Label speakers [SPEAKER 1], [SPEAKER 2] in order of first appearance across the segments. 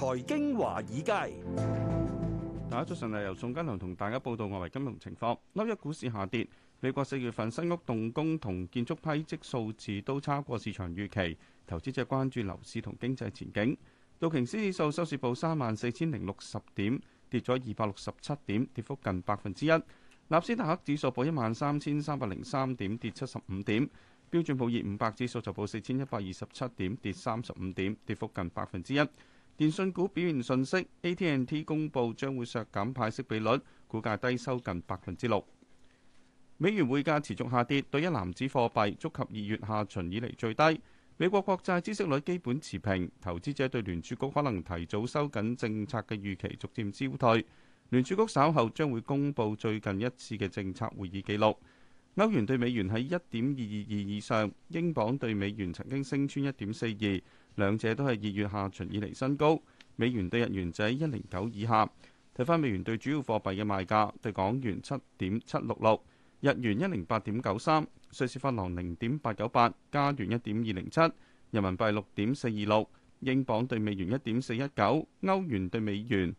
[SPEAKER 1] 財經華爾街，大家早晨啊！由宋嘉良同大家報道外圍金融情況。紐約股市下跌，美國四月份新屋動工同建築批積數字都超過市場預期，投資者關注樓市同經濟前景。道瓊斯指數收市報三萬四千零六十點，跌咗二百六十七點，跌幅近百分之一。納斯達克指數報一萬三千三百零三點，跌七十五點，標準普爾五百指數就報四千一百二十七點，跌三十五點，跌幅近百分之一。電信股表現失色，AT&T 公佈，將會削減派息比率，股價低收近百分之六。美元匯價持續下跌，兌一籃子貨幣觸及二月下旬以嚟最低。美國國債孳息率基本持平，投資者對聯儲局可能提早收緊政策嘅預期逐漸消退。聯儲局稍後將會公佈最近一次嘅政策會議記錄。歐元對美元喺一點二二二以上，英鎊對美元曾經升穿一點四二，兩者都係二月下旬以嚟新高。美元對日元就喺一零九以下。睇返美元對主要貨幣嘅賣價，對港元七點七六六，日元一零八點九三，瑞士法郎零點八九八，加元一點二零七，人民幣六點四二六，英鎊對美元一點四一九，歐元對美元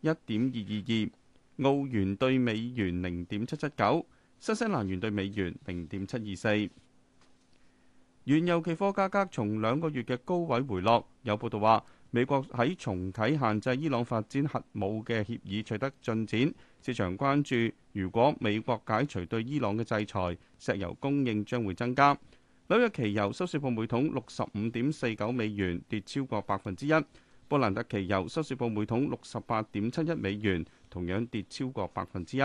[SPEAKER 1] 一點二二二，澳元對美元零點七七九。新西蘭元兌美元零點七二四，原油期貨價格從兩個月嘅高位回落。有報道話，美國喺重啟限制伊朗發展核武嘅協議取得進展，市場關注，如果美國解除對伊朗嘅制裁，石油供應將會增加。紐約期油收市報每桶六十五點四九美元，跌超過百分之一。布蘭特期油收市報每桶六十八點七一美元，同樣跌超過百分之一。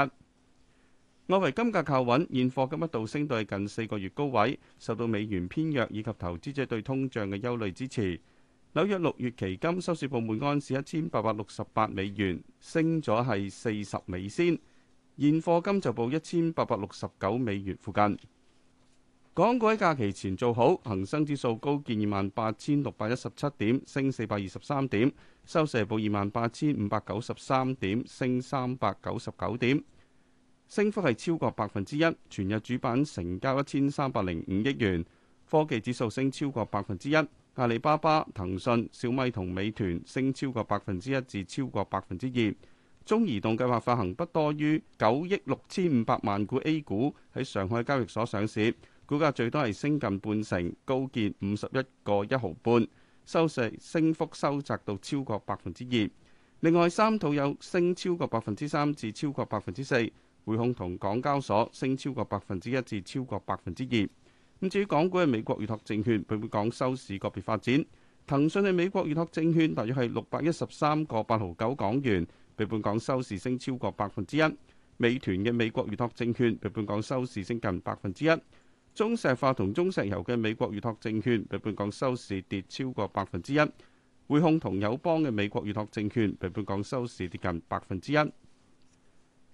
[SPEAKER 1] 外圍金價靠穩，現貨金一度升到近四個月高位，受到美元偏弱以及投資者對通脹嘅憂慮支持。紐約六月期金收市報每安士一千八百六十八美元，升咗係四十美仙。現貨金就報一千八百六十九美元附近。港股喺假期前做好，恒生指數高見二萬八千六百一十七點，升四百二十三點，收市報二萬八千五百九十三點，升三百九十九點，升幅係超過百分之一，全日主板成交一千三百零五億元。科技指數升超過百分之一，阿里巴巴、騰訊、小米同美團升超過百分之一至超過百分之二。中移動計劃發行不多於九億六千五百萬股 A 股喺上海交易所上市，股價最多係升近半成，高見五十一個一毫半，收市升幅收窄到超過百分之二。另外，三套有升超過百分之三至超過百分之四。匯控同港交所升超過百分之一至超過百分之二。咁至於港股嘅美國預託證券，比本港收市個別發展。騰訊嘅美國預託證券大約係六百一十三個八毫九港元，比本港收市升超過百分之一。美團嘅美國預託證券，比本港收市升近百分之一。中石化同中石油嘅美國預託證券，比本港收市跌超過百分之一。匯控同友邦嘅美國預託證券，比本港收市跌近百分之一。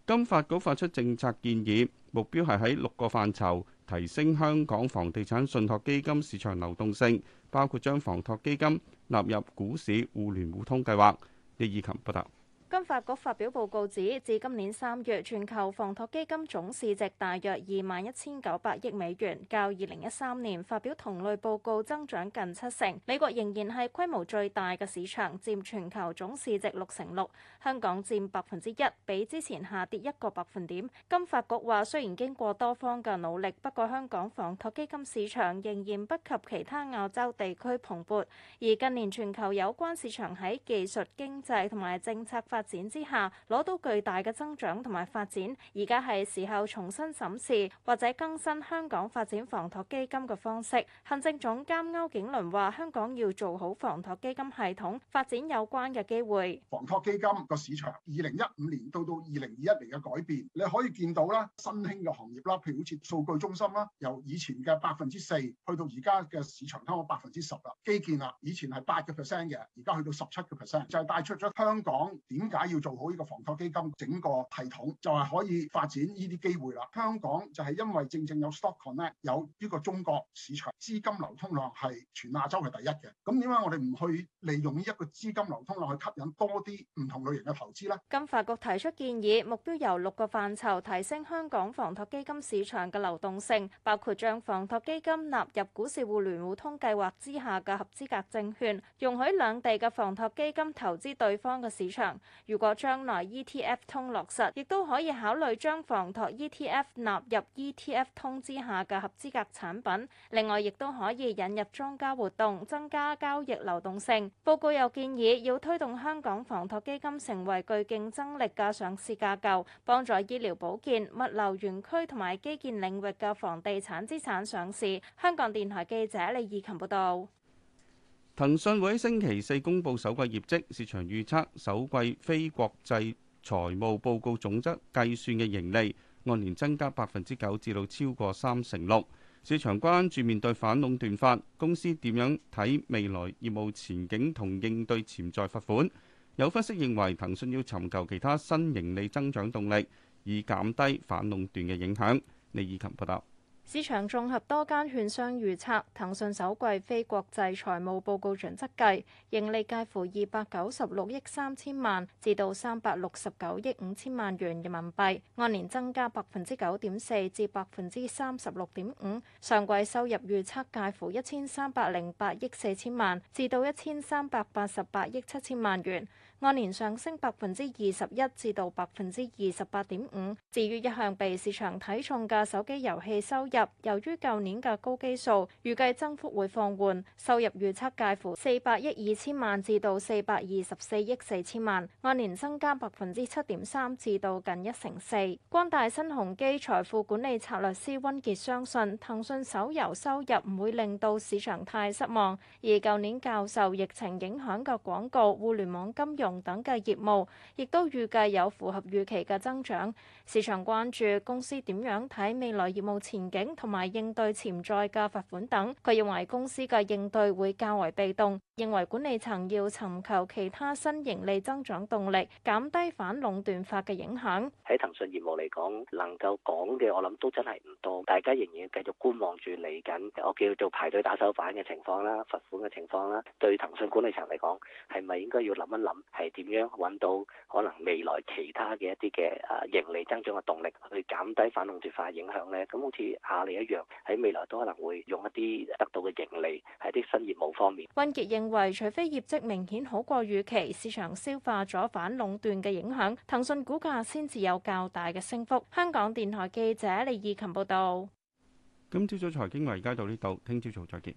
[SPEAKER 1] 金發局發出政策建議，目標係喺六個範疇提升香港房地產信託基金市場流動性，包括將房託基金納入股市互聯互通計劃。李以琴報道。
[SPEAKER 2] 金發局發表報告指，至今年三月，全球房託基金總市值大約二萬一千九百億美元，較二零一三年發表同類報告增長近七成。美國仍然係規模最大嘅市場，佔全球總市值六成六；香港佔百分之一，比之前下跌一個百分點。金發局話，雖然經過多方嘅努力，不過香港房託基金市場仍然不及其他亞洲地區蓬勃，而近年全球有關市場喺技術、經濟同埋政策發展之下攞到巨大嘅增長同埋發展，而家係時候重新審視或者更新香港發展房託基金嘅方式。行政總監歐景倫話：香港要做好房託基金系統，發展有關嘅機會。
[SPEAKER 1] 房託基金個市場，二零一五年到到二零二一年嘅改變，你可以見到啦，新興嘅行業啦，譬如好似數據中心啦，由以前嘅百分之四去到而家嘅市場差過百分之十啦，基建啦，以前係八個 percent 嘅，而家去到十七個 percent，就係帶出咗香港點。解要做好呢個房託基金整個系統，就係可以發展呢啲機會啦。香港就係因為正正有 stock connect，有呢個中國市場資金流通量係全亞洲嘅第一嘅。咁點解我哋唔去利用呢一個資金流通量去吸引多啲唔同類型嘅投資咧？
[SPEAKER 2] 金發局提出建議，目標由六個範疇提升香港房託基金市場嘅流動性，包括將房託基金納入股市互聯互通計劃之下嘅合資格證券，容許兩地嘅房託基金投資對方嘅市場。如果將來 ETF 通落實，亦都可以考慮將房託 ETF 納入 ETF 通之下嘅合資格產品。另外，亦都可以引入莊家活動，增加交易流動性。報告又建議要推動香港房託基金成為具競爭力嘅上市架構，幫助醫療保健、物流園區同埋基建領域嘅房地產資產上市。香港電台記者李怡琴報道。
[SPEAKER 1] 騰訊會喺星期四公佈首季業績，市場預測首季非國際財務報告總則計算嘅盈利按年增加百分之九，至到超過三成六。市場關注面對反壟斷法，公司點樣睇未來業務前景同應對潛在罰款。有分析認為騰訊要尋求其他新盈利增長動力，以減低反壟斷嘅影響。李以琴報道。
[SPEAKER 2] 市場綜合多間券商預測，騰訊首季非國際財務報告準則計，盈利介乎二百九十六億三千萬至到三百六十九億五千萬元人民幣，按年增加百分之九點四至百分之三十六點五。上季收入預測介乎一千三百零八億四千萬至到一千三百八十八億七千萬元，按年上升百分之二十一至到百分之二十八點五。至於一向被市場睇重嘅手機遊戲收入，由於舊年嘅高基數，預計增幅會放緩，收入預測介乎四百億二千萬至到四百二十四億四千萬，按年增加百分之七點三至到近一成四。光大新鴻基財富管理策略師溫傑相信，騰訊手遊收入唔會令到市場太失望，而舊年較受疫情影響嘅廣告、互聯網金融等嘅業務，亦都預計有符合預期嘅增長。市場關注公司點樣睇未來業務前景。同埋應對潛在嘅罰款等，佢認為公司嘅應對會較為被動。認為管理層要尋求其他新盈利增長動力，減低反壟斷法嘅影響。喺騰訊業務嚟講，能夠講嘅我諗都真係唔多。大家仍然要繼續觀望住嚟緊我叫做排隊打手板嘅情況啦，罰款嘅情況啦。對騰訊管理層嚟講，係咪應該要諗一諗，係點樣搵到可能未來其他嘅一啲嘅啊盈利增長嘅動力，去減低反壟斷法嘅影響呢？咁好似阿里一樣，喺未來都可能會用一啲得到嘅盈利喺啲新業務方面。溫杰應認為除非業績明顯好過預期，市場消化咗反壟斷嘅影響，騰訊股價先至有較大嘅升幅。香港電台記者李義琴報道。
[SPEAKER 1] 今朝早財經華爾街到呢度，聽朝早再見。